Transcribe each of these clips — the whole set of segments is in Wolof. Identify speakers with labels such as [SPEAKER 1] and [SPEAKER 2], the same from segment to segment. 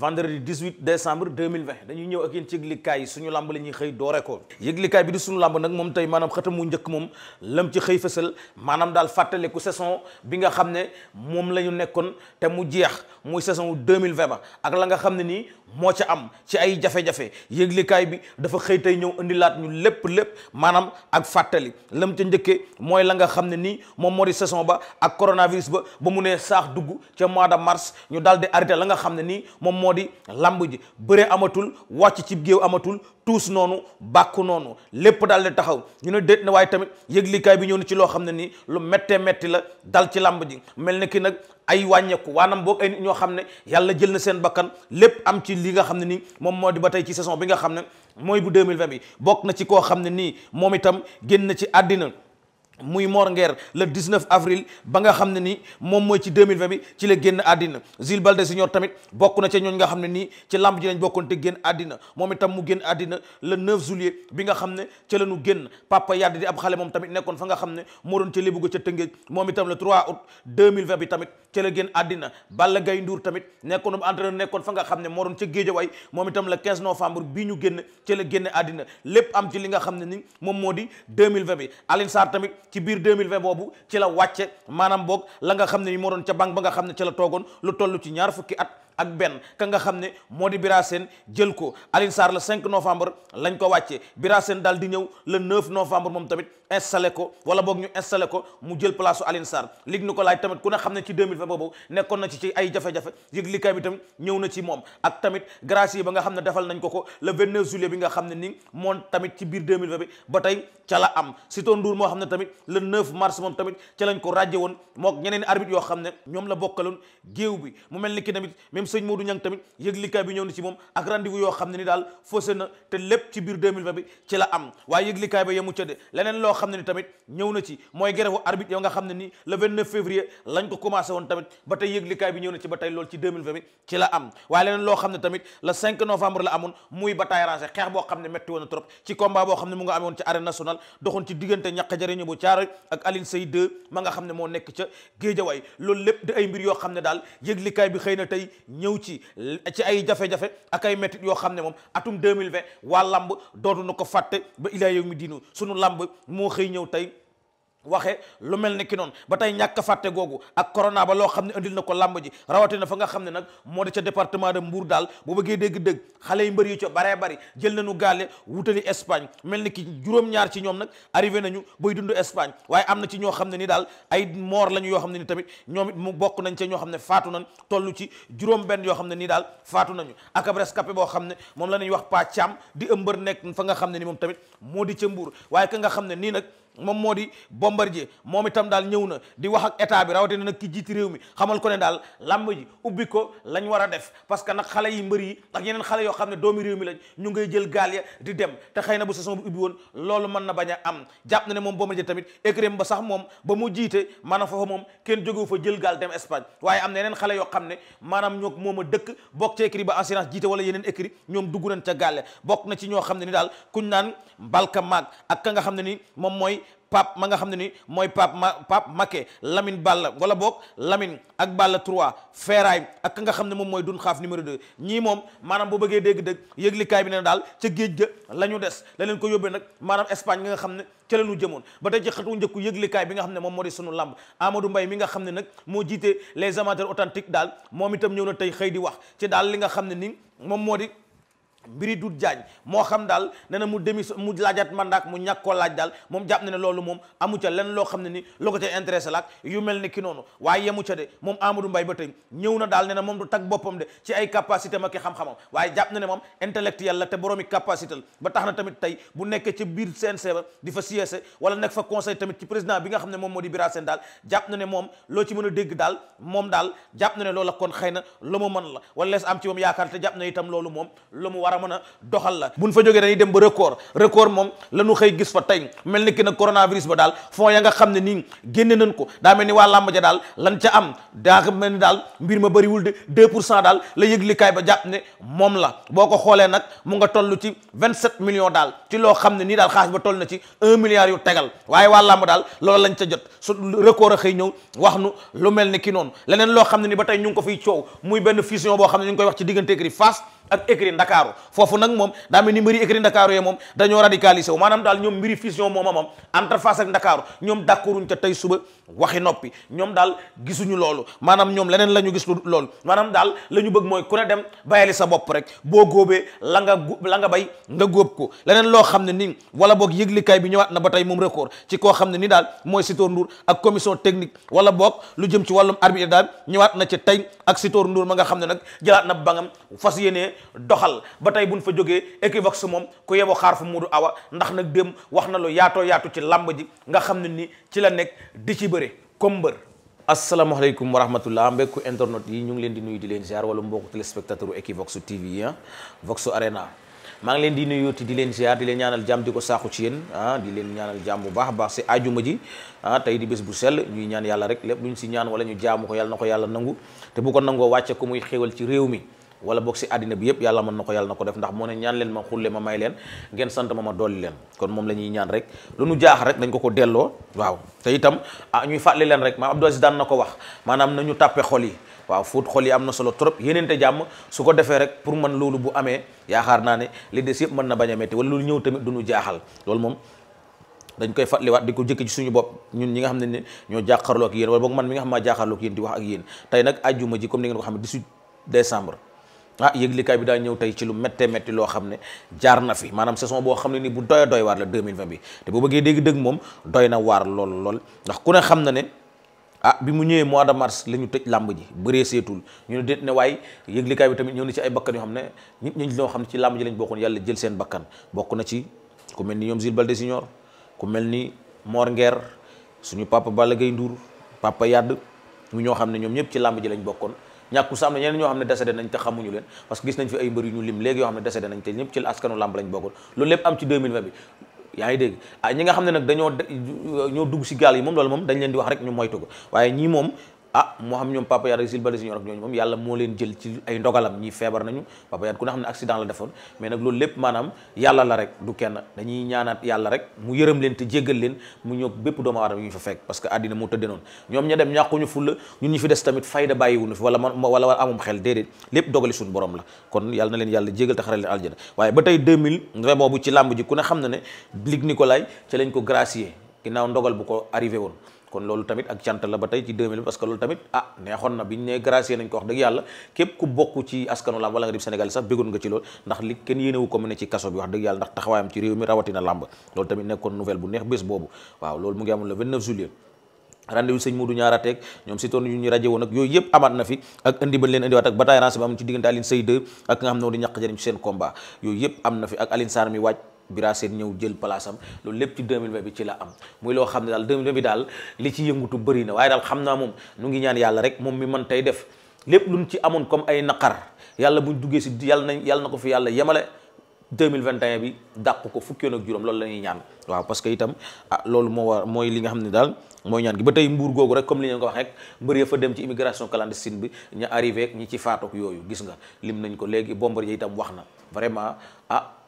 [SPEAKER 1] vendredi 18 décembre 2020 dañuy ñëw ak yéen ci yëglikaay yi suñu làmb la ñuy xëy doore ko yëglikaay bi di suñu làmb nag moom tey maanaam xëtam mu njëkk moom lam bi nga xam ne moom la ñu nekkoon te mu jeex muy saison wu 2020 ba ak la xam ne nii moo ca am ay jafe-jafe bi dafa xëy tey ñëw indilaat ñu lépp lépp maanaam ak fàttali lam ca njëkkee mooy la nga xam ne nii moom moo di saison ba ak coronavirus ba ba mu nee saax dugg ca mois de mars ñu daal di arrêté la nga xam ne nii moom moo di làmb ji bëre amatul wàcc ci géew amatul tuus noonu bàkk noonu lépp daal di taxaw ñu ne déet na waaye tamit yëglikaay bi ñëw na ci loo xam ne nii lu méttee métti la dal ci lamb ji mel ne ki nag ay wàññeeku waanam boo ay nit ñoo xam ne yàlla jël na seen bakkan lépp am ci li nga xam ne nii moom moo di ba tey ci saison bi nga xam ne mooy bu 2020 bi bokk na ci koo xam ne nii moom itam génn ci àddina muy Mor Nguer le 19 avril ba nga xam ne nii moom mooy ci 2020 bi ci la génn àddina Zil tamit bokk na ca ñooñ nga xam ne nii ci lamb bokkoon te génn moom itam mu génn àddina le 9 juillet bi nga xam ne ca la ñu génn Papa Yade di ab xale moom tamit nekkoon fa nga xam ne moo doon ca Lébuga ca Tëngéej moom itam le 3 août 2020 bi tamit ca la génn àddina Balla Gaye Ndour tamit nekkoon entraîneur nekkoon fa nga xam ne moo doon ca Géejawaay moom itam le 15 novembre bi ñu génn ca la génn àddina lépp am ci li nga xam ne ni moom moo di deux 2020 bi Aline Sarr tamit ci biir 2020 boobu ci la wàcce maanaam boog la nga xam ne ni moo doon ca banque ba nga xam ne ci la toogoon lu toll ci ñaar fukki at ak benn ka nga xam ne moo di Bira Sène jël ko Alioune Sarr le 5 novembre lañ ko wàccee Bira Sène daal di ñëw le 9 novembre moom tamit installé ko wala boog ñu installé ko mu jël place su Alioune Sarr lig ni ko laaj tamit ku ne xam ne ci 2020 boobu nekkoon na ci ci ay jafe-jafe yëg likaay bi moom ak tamit grâce yi ba nga xam ne defal nañ ko ko le 29 juillet bi nga xam ne ni moom tamit ci biir 2020 bi ba tey ca la am Sitor Ndour moo xam ne tamit le 9 mars moom tamit ca lañ ko ràjje woon mook ñeneen arbitre yoo xam ne ñoom la bokkaloon géew bi mu mel ni ki tamit même sëñ Modou Niang tamit yëglikaay bi ñëw na ci moom ak rendez yoo xam ne ni daal faussé na te lépp ci biir 2020 bi ci la am waaye yëglikaay ba yemu ca leneen loo xam ne ni tamit ñëw na ci mooy grève arbitre yow nga xam ne ni le 29 février lañ ko commencé woon tamit ba tey yëglikaay bi ñëw na ci ba tey loolu ci 2020 ma nga xam ne moo nekk ca géejawaay loolu lépp di ay mbir yoo xam ne daal yëglikaay bi xëy na tey ñëw ci ci ay jafe-jafe ak ay métit yoo xam ne moom atum 2020 waa làmb lamb dootuñu ko fàtte ba ilaa yow mi diinu sunu làmb moo xëy ñëw tey waxe lu mel ni ki noonu ba tey ñàkk fàtte googu ak corona ba loo xam ne andil na ko làmb ji rawatina fa nga xam ne nag moo di ca département de Mbour bu bëggee dégg-dégg xale yi mbër yi ca baree bari jël nañu gaale wutali Espagne mel ni ki juróom ci ñoom nag arrivé nañu bay dund Espagne waaye am na ci ñoo xam ne ni daal ay moor lañu yoo xam ne ni tamit ñoom it mu bokk nañ ca ñoo xam ne faatu nañ toll ci juróom-benn yoo xam ne nii daal faatu nañu ak ab boo xam ne moom la ñuy wax Pa Thiam di ëmbër nekk fa nga xam ne ni moom tamit moo di ca Mbour waaye ka nga xam ne nii nag moom moo di jee moom itam daal ñëw na di wax ak état bi rawatina nag ki jiiti réew mi xamal ko ne daal làmb ji ubbi ko lañ war a def parce que nag xale yi mbër yi ak yeneen xale yoo xam ne doomi réew mi lañ ñu ngay jël gaal ya di dem te xëy na saison bi ubbi loolu mën na bañ am jàpp na ne moom Bombardier tamit écrém ba sax moom ba mu jiite maanaam foofa moom kenn jógewu fa jël gaal dem Espagne waaye am na yeneen yoo xam ne maanaam ñoo moom a dëkk bokk ci écrit ba assurance jiite wala yeneen écrit ñoom dugg nañ ca gaal ya bokk na ci ñoo xam ne ni daal kuñ naan mbalka maag ak ka nga xam ne ni moom mooy mooy Pape ma nga xam ne ni mooy Pape ma Pape Maké Lamine Ball wala boog Lamine ak Ball 3 Feeraay ak nga xam ne moom mooy dun xaaf numéro 2 ñii moom maanaam boo bëggee dégg-dëgg yëglikaay bi ne daal ca géej ga la ñu des la leen ko yóbbee nag maanaam Espagne nga xam ne ca la ñu jëmoon ba tey ci xatu njëkku yëglikaay bi nga xam ne moom moo di sunu lamb Amadou Mbaye mi nga xam ne nag moo jiite les amateurs authentiques daal moom itam ñëw na tey xëy di wax ci daal li nga xam ne ni moom moo di mbiri dut jaañ moo xam daal ne na mu demi mu laajaat mandaak mu ñàkk laaj daal moom jàpp na ne loolu moom amu ca lenn loo xam ne ni loo ko ca intéressé laak yu mel ni ki noonu waaye yemu na daal ne na moom du tag boppam de ci ay capacité xam waaye jàpp na ne moom intellectuel la te boroomi capacité la ba tax na tamit tey bu nekk ci biir CNC ba di fa siège wala nekk fa conseil tamit ci président bi nga xam ne moom moo di Bira Sène daal jàpp na ne moom loo ci mën a dégg daal moom daal jàpp na ne loola kon xëy na lu mu mën la wala lees am ci moom yaakaar te jàpp na itam loolu moom lu mu war war a a doxal la buñ fa jógee dañuy dem ba record record moom la ñu xëy gis fa tey mel ni ki nag coronavirus ba daal fond ya nga xam ne nii génne nañ ko daa mel ni waa làmb ja daal lan ca am daa mel ma bëriwul de deux pour cent ba jàpp ne la boo ko xoolee nag mu nga toll ci vingt sept millions daal ci loo xam ne nii daal xaalis ba toll na ci un milliard yu tegal waaye waa làmb daal loolu lañ ca jot su record a xëy ñëw wax nu lu mel ni ki noonu leneen loo xam ne ni ba tey ñu ngi ko fiy coow muy benn fusion boo xam ne ñu ngi koy wax ci diggante Gris Fass ak écurie Ndakaaru foofu nag moom daa mel ni mbiri écurie Ndakaaru yee moom dañoo radicalisé wu maanaam daal ñoom mbiri fusion mooma moom entre Fass ak Ndakaaru ñoom d'accorduñ ca tey suba waxi noppi ñoom daal gisuñu loolu maanaam ñoom leneen la ñu gis loolu maanaam daal la ñu bëgg mooy ku ne dem bayali sa bopp rek boo góobee la nga la nga bay nga góob ko leneen loo xam ne ni wala boog yëglikaay bi ñëwaat na ba tey moom record ci koo xam ne ni daal mooy Sitor Ndour ak technique wala boog lu jëm ci wàllum daal ñëwaat na ci tey ak Sitor Ndour ma nga xam ne nag jëlaat na bangam fas yéenee doxal ba tey buñ fa jógee Equivox moom ku yeboo xaar fu du Awa ndax nag dem wax na lu yaatoo yaatu ci làmb ji nga xam ne ni ci la nekk di ci bëre comme mbër asalaamaaleykum wa rahmatullah mbekku internet yi ñu ngi leen di nuyu di leen ziar wala mbokku téléspectateur u Equivox TV ah Vox maa ngi leen di nuyooti di leen ziar di leen ñaanal jàmm di ko saaxu ci yéen ah di leen ñaanal jàmm bu baax a baax si ajuma ji ah tey di bés bu sell ñuy ñaan yàlla rek lépp lu ñu si ñaan wala ñu jaamu ko yàlla na ko yàlla nangu te bu ko nangoo wàcce ko muy xéewal ci réew mi wala boog si àddina bi yëpp yàlla mën na ko yàlla na ko def ndax moo ne ñaan leen ma xulle ma may leen ngeen sant ma ma dolli leen kon moom la ñuy ñaan rek lu nu jaax rek ko ko delloo waaw te ah, ñuy fàttali leen rek maam Abdou Aziz daan na ko wax maanaam nañu tàppe xol yi waaw fóot xol yi am na solo trop yéneente jàmm su ko defee rek pour man loolu bu amee yaakaar naa ne li des yëpp mën na bañ a loolu ñëw tamit du nu jaaxal loolu moom dañ koy fàttaliwaat di ko jëkk ci suñu bopp ñun ñi nga xam ne ñoo jàkkaarloo ak yéen wala boog man mi nga xam maa jàkkaarloo ak yéen di wax ak yéen tey nag ajjuma ji comme ni ngeen ko xam ne 18 décembre ah yëglikaay bi daa ñëw tey ci lu méttee métti loo xam ne jaar na fi maanaam saison boo xam ne ni bu doy doy waar la 2020 bi te bu bëggee dégg dëgg moom doy na waar lool lool ndax ku ne xam na ne ah bi mu ñëwee mois de mars la ñu tëj làmb ji bëree seetul ñu ne déet ne waaye yëglikaay bi tamit ñëw na ci ay bakkan yoo xam ne nit ñi ñoo xam ne ci làmb ji lañ bokkoon yàlla jël seen bakkan bokk na ci ku mel ni ñoom Jules Baldé Junior ku mel ni Mor Nguer suñu papa Balla Gaye Ndour papa Yade mu ñoo xam ne ñoom ñëpp ci làmb ji lañ bokkoon ñàkku sa am na ñeneen ñoo xam ne décédé nañ te xamuñu leen parce gis nañ fi ay mbër yu ñu lim léegi yoo xam ne décédé nañ te ñëpp ci askanu làmb lañ bokkoon loolu lépp am ci 2020 bi yaa dégg ah ñi nga xam ne nag dañoo ñoo dugg si gaal yi moom loolu moom dañ leen di wax rek ñu moytu ko waaye ñii moom ah moo xam ñoom Papa Yade ak Jules Baldé Junior ak ñooñu moom yàlla moo leen jël ci ay ndogalam ñi feebar nañu Papa Yade ku ne xam ne accident la defoon mais nag loolu lépp maanaam yàlla la rek du kenn dañuy ñaanaat yàlla rek mu yërëm leen te jéggal leen mu ñëw bépp doomu aadama yi ñu fa fekk parce que àddina moo tëddee noonu ñoom ña dem ñàkkuñu fulla ñun ñu fi des tamit fayda bàyyiwuñu fi wala man wala war amum xel déedéet lépp dogali suñu borom la kon yàlla na leen yàlla jéggal te xaral leen aljana waaye ba tey 2020 boobu ci làmb ji ku ne xam na bu ko arrivé woon kon loolu tamit ak cant la ba tey ci 2000 parce que loolu tamit ah neexoon na bi ñu nee gracier nañ ko wax dëgg yàlla képp ku bokk ci askanu làmb wala nga di Sénégal sax bëggoon nga ci loolu ndax li kenn yéenewu ko mu ne ci kaso bi wax dëgg yàlla ndax taxawaayam ci réew mi rawatina làmb loolu tamit nekkoon nouvelle bu neex bés boobu waaw loolu mu ngi amoon le 29 juillet rendez-vous sëñ Modou ñaarateeg ñoom si toon yu ñu rajo woon ak yooyu yëpp amaat na Bira Sène ñëw jël place loolu lépp ci 2020 bi ci la am muy loo xam ne daal li ci yëngutu bëri na waaye daal xam naa moom nu ngi ñaan yàlla rek moom mi man tey def lépp luñ ci amoon comme ay naqar yàlla buñ duggee si yàlla nañ yàlla na ko fi yàlla yemale 2021 bi dàq ko fukki yoon ak juróom loolu la ñuy ñaan waaw parce que itam ah loolu moo war mooy li nga xam ne daal mooy ñaan ba tey mbuur googu rek comme li ngeen ko wax rek mbër ya fa dem ci immigration yooyu gis nga lim nañ ko léegi bombar yi itam wax na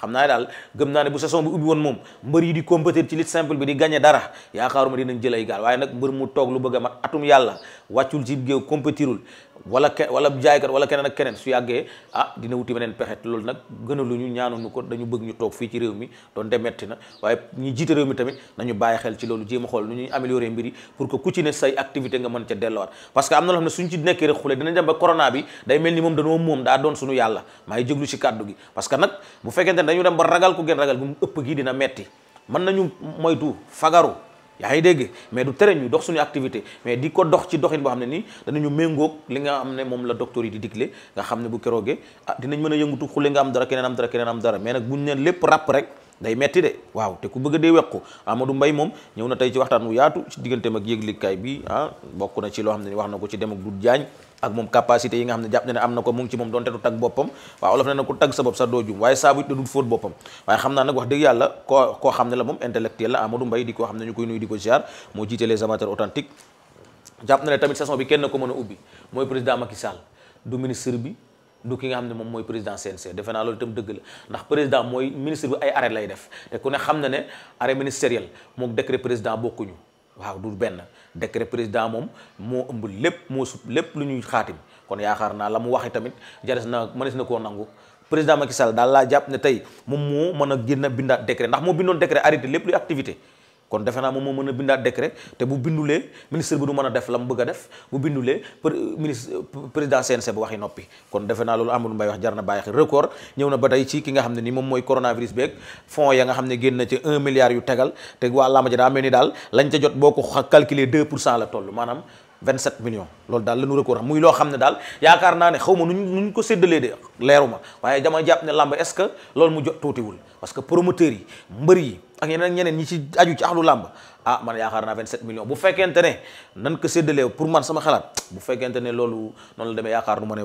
[SPEAKER 1] xam naa ne daal gëm naa ne bu saison bi ubbi woon moom mbër yi di compétir ci lutte simple bi di gagné dara yaakaaruma dinañ jël ay gaal waaye nag mbër mu toog lu bëgg a mat atum yàlla wàccul ci géew compétirul wala ke wala jaaykat wala keneen ak keneen su yàggee ah dina wuti beneen pexe loolu nag gënaluñu ñaanuñu ko dañu bëgg ñu toog fii ci réew mi doon de metti na waaye ñi jiite réew mi tamit nañu bàyyi xel ci loolu jéem a xool lu ñu améliorer mbir yi pour que ku ci ne say activité nga mën ca delluwaat parce que am na loo xam ne suñ ci nekkee rek xule dinañ dem corona bi day mel ni moom dañoo moom daa doon suñu yàlla maa ngi jéglu ci kàddu gi parce que nag bu fekkente ne dañu dem ba ragal ku gën ragal bu mu ëpp gi dina metti mën nañu fagaru yaa dégg mais du tere ñu dox suñu activité mais di ko dox ci doxin boo xam ne nii danañu méngoog li nga xam ne moom la docteur yi di digle nga xam ne bu keroogee ah dinañ mën a yëngutu xule nga am dara keneen am dara keneen mais nag buñ neen lépp ràpp rek day metti de waaw te ku bëgg dee weq ko Amadou Mbaye moom ñëw na tey ci waxtaan wu yaatu ci digganteem ak yëglikaay bi ah bokk na ci loo xam ne ni wax na ko ci dem ak du jaañ ak moom capacité yi nga xam ne jàpp ne ne am na ko mu ngi ci moom doonte du tag boppam waaw olof ne na ku tag sa bopp sa doo waaye saabu it da fóot boppam waaye xam naa nag wax dëgg yàlla koo koo xam ne moom intellectuel la Amadou ko xam ne ko ziar moo jiite les amateurs authentiques jàpp na ne tamit saison bi kenn ko mën a ubbi mooy président Macky Sall du ministre bi du ki nga xam ne moom mooy président CNC defe naa loolu tam dëgg la ndax président mooy ministre bi ay arrêt lay def te ku ne xam na ne arrêt ministériel moo décret président bokkuñu waaw du benn décret président moom moo ëmb lépp moo sut lépp lu ñuy xaatim kon yaakaar naa la mu waxee tamit jares na mënees na koo nangu président Macky Sall daal laa jàpp ne tey moom moo mën a génn bindaat décret ndax moo bindoon décret arrêté lépp luy activité kon defe naa moom moo mën a bindaat décret te bu bindulee ministre bi du mën a def la mu bëgg a def bu bindulee ministre président CNC ba waxi noppi kon defe naa loolu Amadou Mbaye wax jar na bàyyi xel record ñëw na ba tey ci ki nga xam ne ni mooy coronavirus beeg fonds nga xam ne génn na ci yu tegal te waa làmb ji daa daal lañ ca jot boo ko calculer 2 pour cent la toll maanaam 27 millions loolu daal la ñu record muy loo xam ne daal yaakaar naa ne ma nuñ nuñ ko séddalee de leeru ma waaye dama jàpp ne làmb est-ce que loolu mu jot tuutiwul parce que promoteurs yi mbër yi ak ñeneen ak ñeneen ñi ci aju ci axlu làmb ah man yaakaar naa 27 millions bu fekkente ne nan ko séddalee pour man sama xalaat bu fekkente ne loolu noon la demee yaakaar nu ma ne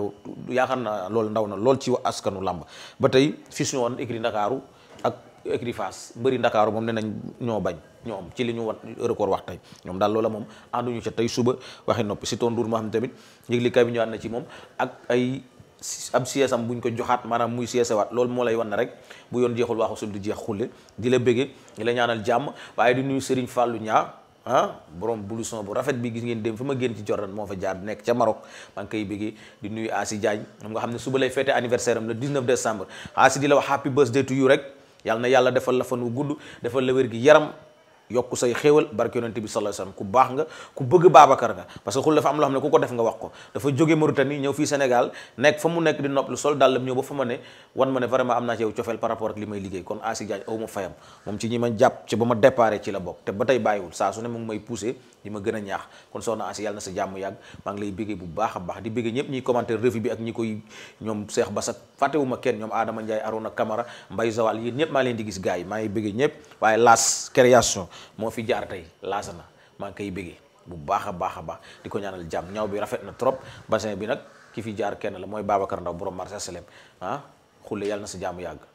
[SPEAKER 1] yaakaar naa loolu ndaw na lool ci askanu làmb ba tey fii suñu woon écrit Ndakaaru ak écrit Fass bëri Ndakaaru moom ne nañ ñoo bañ ñoom ci li ñu wat record wax tey ñoom daal loola moom ànduñu ca tey suba waxi noppi si tonduur moo xam tamit yëg li bi ñu ànd na ci moom ak ay ab siège am buñ ko joxaat maanaam muy siège waat loolu moo lay wan ne rek bu yoon jeexul waxu sul di jeex xulle di la bëgge di la ñaanal jàmm waaye di nuyu Serigne Fallou ñaa ah borom bu rafet bi gis ngeen dem fi ma génn ci Jordan moo fa jaar nekk ca Maroc maa ngi koy di nuyu Asi Diagne moom nga xam ne suba lay fêté anniversaire am le 19 décembre Asi di la wax happy birthday to you rek yàlla na yàlla defal la fan wu gudd defal la wér yokk say xéewal barke yonent bi sallallahu alayhi wasallam ku baax nga ku bëgg Babacar nga parce que xul dafa am loo xam ne ku ko def nga wax ko dafa jóge Mauritanie ñëw fii Sénégal nekk fa mu nekk di sol dàllam ñëw ba fa ma ne wan ma ne vraiment am naa may liggéey kon Asi ma fayam moom ci ñi ma jàpp ci ba ma déparé ci la bokk te ba tey bàyyiwul saa su ne mu ngi may poussé ma gën a ñaax kon soxna Asi yàlla na sa jàmm yàgg maa ngi lay bégee bu baax a baax di bégee ñëpp ñiy commenter revue bi ak ñi koy ñoom Cheikh Basak fàttewuma kenn ñoom Adama Ndiaye Arona Camara Mbaye ñëpp maa leen di gis gars yi maa ngi bégee ñëpp waaye las création moo fi jaar tey laasana maa ngi koy bëggee bu baax a baax a baax di ko ñaanal jàmm ñaw bi rafet na trop bassin bi nag ki fi jaar kenn la mooy Babacar Ndaw borom marché Salem ah xulle yàlla na sa jàmm yàgg